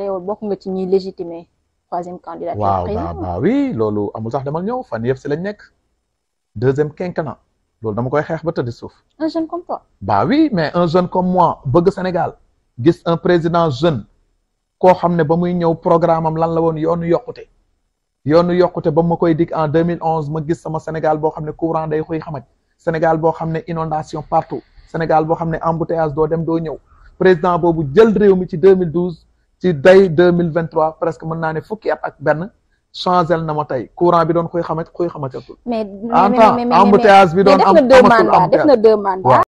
yow oh, bokk nga ci ñuy légitimer troisième candidature. waaw waaw waaw loolu amul sax demal ñëw fan yëpp si lañ nekk deuxième quinquennat loolu dama koy xeex ba tëdd suuf. un jeune comme mais un jeune comme mois bëgg Sénégal gis un président jeune koo xam ne ba muy ñëw programme am lan la woon yoonu yokkute yoonu yokkute ba ma koy dig en 2011 ma gis sama Sénégal boo xam ne courant day xuy xamaj Sénégal boo xam ne inondation partout Sénégal boo xam ne embouteillage doo dem doo ñëw président boobu jël réew mi ci ci day deux mille vingt trois presque mën naa ne fukki at ak benn changé na ma tey courant bi doon koy xamat koy xamatatul. mais mais mais mais mais mais mais mais mais mais mais mais mais mais mais mais